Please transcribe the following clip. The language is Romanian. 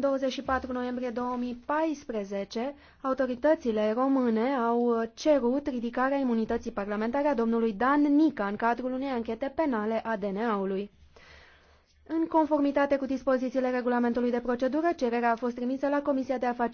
24 noiembrie 2014, autoritățile române au cerut ridicarea imunității parlamentare a domnului Dan Nica în cadrul unei anchete penale a DNA-ului. În conformitate cu dispozițiile regulamentului de procedură, cererea a fost trimisă la Comisia de Afaceri